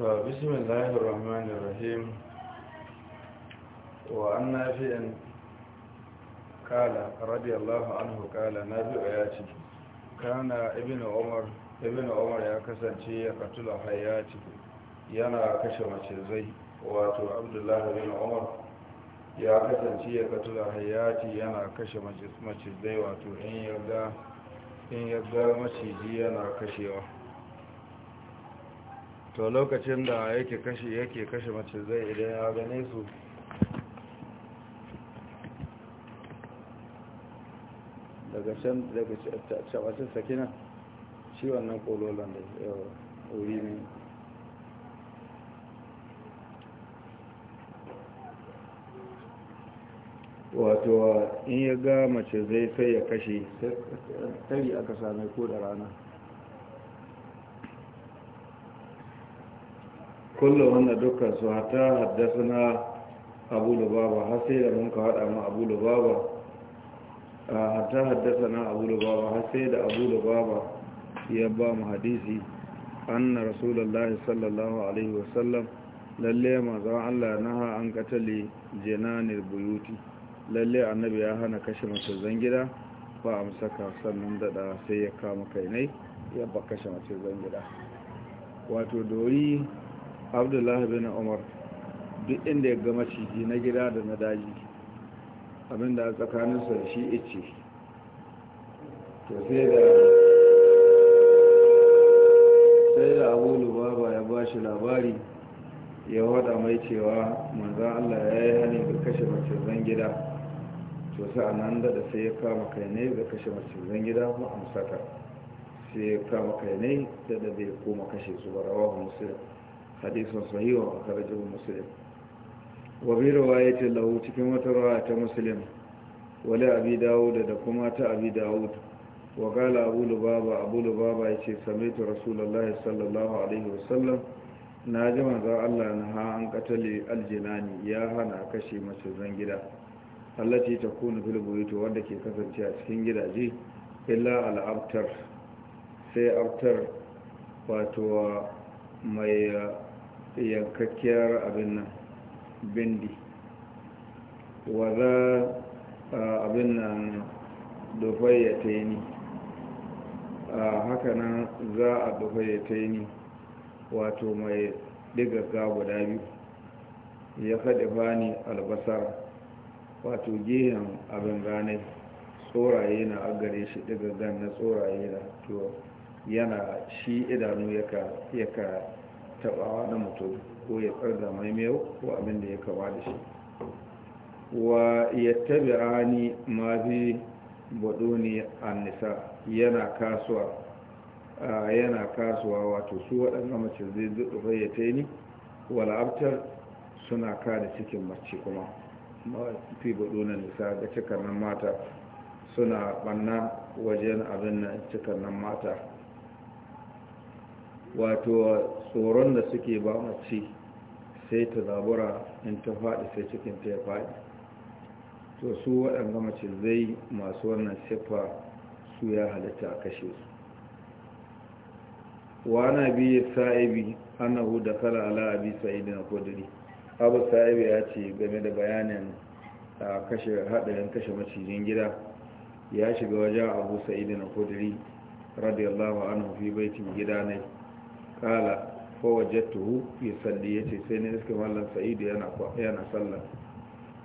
بسم الله الرحمن الرحيم وعن نافع kala radiyallahu anhu kala kana ibnu umar ibnu umar ya kasance ya hayati yana kashe zai wato abdullahi bin umar ya kasance ya katula hayati yana kashe zai wato in yarda maciji yana kashewa to lokacin da yake kashi yake kashe mace zai idan ya gane su daga can daga cabacin sakina shi wannan kololan da wuri ne wato in ya ga mace zai kai ya kashe tari aka same ko da rana kullum wannan dukkan su hata haddasa abu lubaba har sai da mun ka haɗa ma abu lubaba hata haddasa na abu lubaba har sai da abu lubaba ya ba mu hadisi anna rasulullahi sallallahu alaihi wasallam lalle manzon Allah naha an katale jananir buyuti lalle annabi ya hana kashe mutum gida ba amsaka sannan dada sai ya kama kainai ya ba kashe mutum gida wato dori abdullahi bin umar duk inda ya ga maciji na gida da na daji abinda a tsakaninsa da shi ice sai da sai da abu lubaba ya ba shi labari ya wada mai cewa manzan allah ya yi hali ga kashe macizan gida to a nan da sai ya kama kai ne ga kashe macizan gida ko amsaka sai ya kama kai ne da da bai koma kashe su ba rawa musulun حديث صحيح أخرجه مسلم وفي رواية له تكمة رواية مسلم ولا أبي داود دكما أبي داود وقال أبو لبابا أبو لبابا يتي سميت رسول الله صلى الله عليه وسلم ناجم ذا الله نها عن قتل الجنان يا هنا كشي مسجن جدا التي تكون في البيوت وعندك كثر تأسكين جدا جي إلا على أبتر sai abtar wato mai yankakkiyar abin nan bindi wadda abin nan yi ni haka nan za a yi ni wato mai digagga guda biyu ya haɗe ni albasar wato gehen abin ranai tsoraye na agare shi digaggan na tsoraye na to yana shi idanu ya ka taɓawa na mutum ko ya tsarga mai ko abin da ya kama da shi wa ya tabi'a ni ma bi buduni annisa yana kasuwa yana kasuwa wato su waɗannan mace zai bai ya ta ni wal'abtar suna ka da cikin mace kuma fi na nisa ga nan mata suna ɓanna wajen abin nan mata wato tsoron da suke ba mace sai ta zabura in ta faɗi sai cikin ta ya faɗi to su waɗanda mace zai masu wannan siffa su ya halitta a kashe su wana biyu sa'ibi annahu da kala ala abi sa'idin al kodiri abu sa'ibi ya ce game da bayanin a kashe hadarin kashe macijin gida ya shiga wajen abu sa'idin na kodiri radiyallahu anhu fi baitin gida ne kala fawajattuhu yusalli yace sai ne iska mallan sa'idu yana yana salla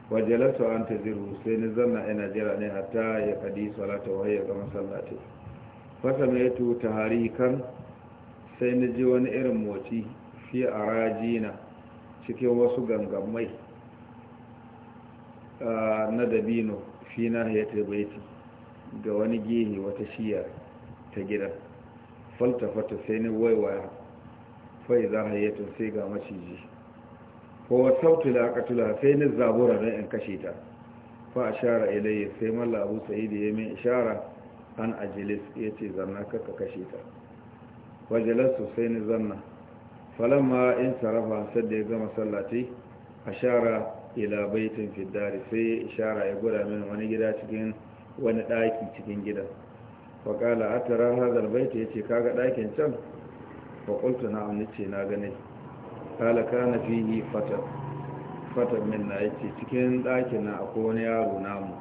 wajalasu an sai ne zanna ina jira ne hatta ya kadi salata wa hayya kama sallati fasamaitu taharikan sai ni ji wani irin moti fi arajina cikin wasu gangamai na dabino fi nahiyar baiti ga wani gehe wata shiyar ta gidan faltafata sai ni waiwaya fai za yi sai ga maciji ko wasautu da aka tula sai ni zabura don in kashe ta fa a shara ilayya sai malla abu sa'idu ya min ishara an ajilis ya ce zanna kaka kashe ta wajilarsu sai ni zanna ma in sarrafa sadda ya gama sallati a shara ila baitin fiddari sai ya ishara ya gura min wani gida cikin wani ɗaki cikin gida faƙala a tara hazar baita ya ce kaga ɗakin can ba ƙultu na amince na gane kalaka na fiye fatar fatar min na ya ce cikin ɗakin na akwai wani yaro namu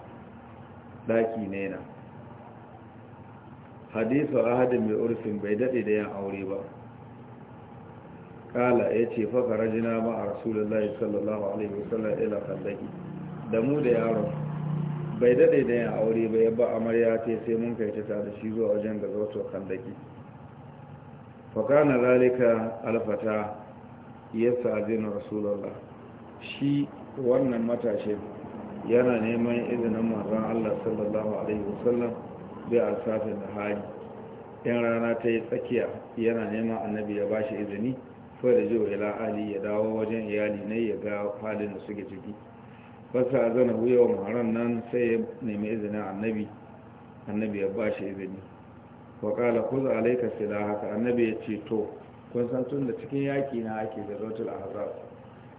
ɗaki ne na hadisu ahadin mai urfin bai daɗe da yan aure ba kala ya ce faka rajina ba a rasulullahi sallallahu alaihi wasallam ila kallaki da mu da yaron bai daɗe da yan aure ba ya ba amarya ce sai mun kai ta da shi zuwa wajen ga zautar kallaki faƙana zalika alfata ya sa'adin rasulallah shi wannan matashin yana neman izinin mazan allah sallallahu alaihi wasallam bai a safin da hali yan rana ta yi tsakiya yana neman annabi ya ba shi izini da jiwa ila ali ya dawo wajen iyali ne ya ga halin da suke ciki fasa a zana wuyawa maharan nan sai ya nemi izinin annabi annabi ya ba shi izini wa kala kuzu haka annabi ya ce to kun san tun da cikin yaki na ake da rotul ahzab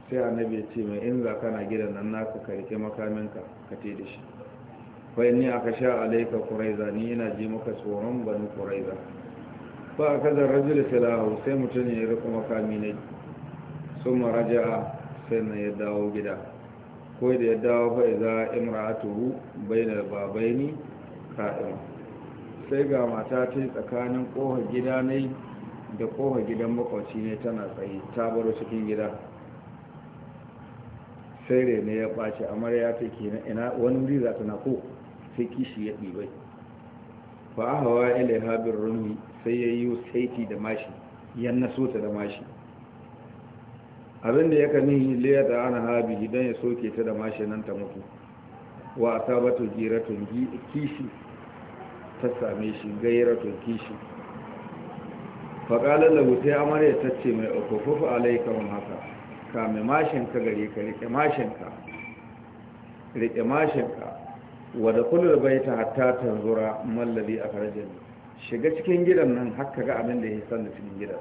sai annabi ya ce mai in za na gidan nan naka ka rike makaminka ka te da shi fa inni aka sha alaika quraiza ni ina ji maka tsoron banu quraiza fa aka da rajul silahu sai mutum ya rike makami ne sun Raja'a sai na ya dawo gida ko da ya dawo fa iza imra'atuhu bainal babaini ka'ima sai ga mata ta tsakanin kohar gida ne da kohar gidan makwaci ne tana tsaye ta baro cikin gida sai ne ya ɓace amarya ta ke na ina wani wuri za ta na ko sai kishi ya ɗibai ba a hawa ila habin rumi sai ya yi saiti da mashi yan na sota da mashi abinda ya kani liya da ana habi don ya soke ta da mashi nan ta mutu wa ta batu jiratun kishi ta same shi gairatun kishi faƙalar lagutai amarya ta ce mai a alaikawan haka ka mashinka gare ka riƙe mashinka rike mashinka wadda kullum bai ta hatta tanzura mallabi a farajin shiga cikin gidan nan haka ga abin da ya san da cikin gidan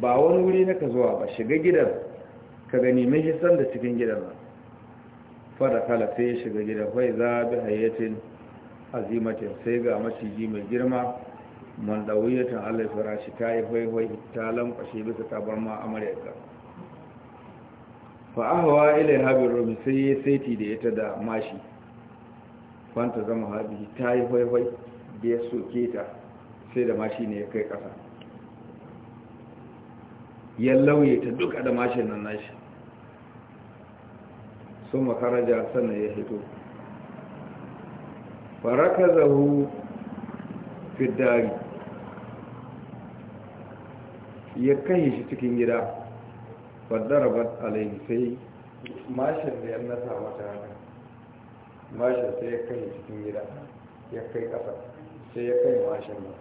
ba wani wuri na ka zuwa ba shiga gidan ka gani mai hisan da cikin gidan nan fada kala sai ya shiga gidan kwai za bi hayyacin azimatin sai ga maciji mai girma man ɗauyatin allah shi ta yi haihuwa ta lankwashe bisa tabar ma amurka fa'ahawa ilai habin rumi sai ya saiti da ita da mashi kwanta zama habi ta yi haihuwa da ya soke ta sai da mashi ne ya kai ƙasa ya lauye ta duka da mashin nan nashi sun makaraja sannan ya hito farakazahu fi dari ya kai shi cikin gida ba alaihi sai mashin da yan nasa mata haka mashin sai ya kai cikin gida ya kai kasa sai ya kai mashin nan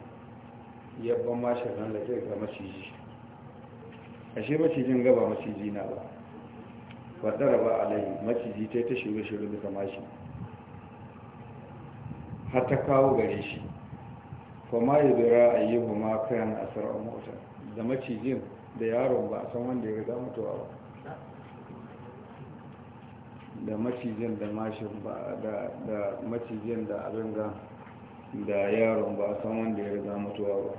yabban mashin nan da ke ga maciji ashe macijin gaba maciji na ba Ba faddarabat alaihi maciji ta yi ta shirye-shirye bisa mashin har ta kawo gare shi kuma ya zira a yi ma kayan asar a mota da macijin da yaron ba a san wanda ya riga mutuwa ba da macijin da mashin ba da macijin da abin ga da yaron ba a san wanda ya riga mutuwa ba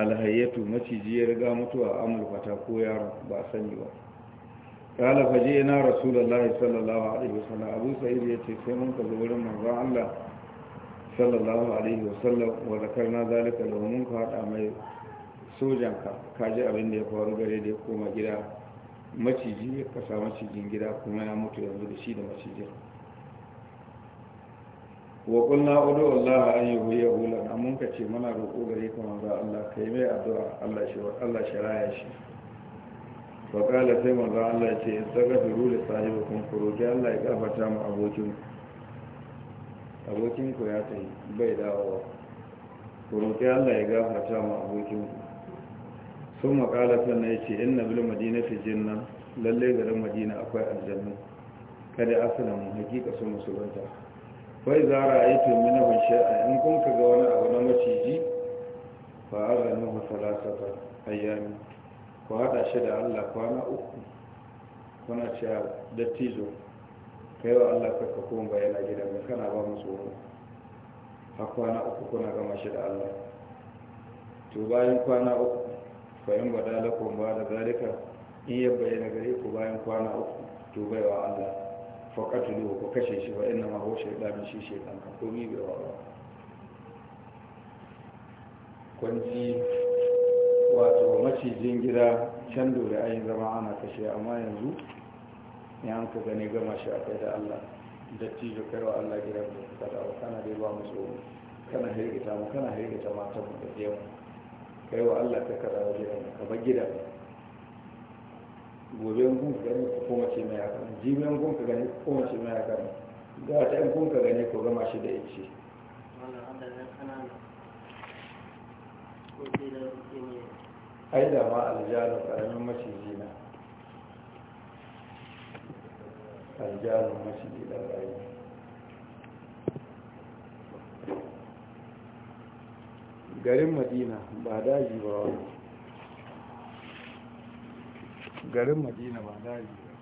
alhayyatu maciji ya riga mutuwa amurfata ko yaron ba a sani ba قال فجئنا رسول الله صلى الله عليه وسلم أبو سعيد يتي سيمون كذور مرضى الله صلى الله عليه وسلم وذكرنا ذلك له منكر أمي sojan ka kaji abin da ya faru gare da ya koma gida maciji ya kasa macijin gida kuma ya mutu yanzu da shi da macijin wa kulna udu Allah an yi huya mun muna roƙo gare ka manzo Allah kai mai addu'a Allah shi Allah shi raya shi faƙala sai manzo Allah ya ce in tagafiru li sahibikum furuki Allah ya gafarta mu abokin abokin ku ya tafi bai dawowa furuki Allah ya gafarta mu abokin ku sun maƙala sannan ya ce in inna bil madinati jinnan lallai garin madina akwai aljannu kada asalin mu hakika sun musulunta wai za a ra'aitu min hun sha'a in kun ka ga wani abu na maciji fa azanu fa lasata ayyami ku haɗa shi da allah kwana uku kuna cewa dattijo ka yi wa allah kakka kuma bayana gidan mai kana ba musu wani a kwana uku kuna gama shi da allah to bayan kwana uku fahim ba ko ba da zalika in ya bayyana gare ku bayan kwana uku to bai wa allah faƙatulu ku kashe shi ba ina ma hoshe ɗamin shi shekan ka komi bai wa allah kwanci wato macijin gida can dole ayin zama ana kashe amma yanzu ya an gani gama shi a kai da allah da tijo kaiwa allah gidan da kada wa kana dai ba musu tsoro kana hirgita mu kana hirgita mata mu da kai wa allah ka kada wa gidan ka bar gidan gobe an kun gani ko mace ce mai haka jibi an kun ka gani ko koma ce mai haka ga ta in kun ka gani ko gama shi da ice Thank you. ai ma aljanu karamin maciji na aljanu maciji da rayu garin madina ba daji ba wani garin madina ba daji ba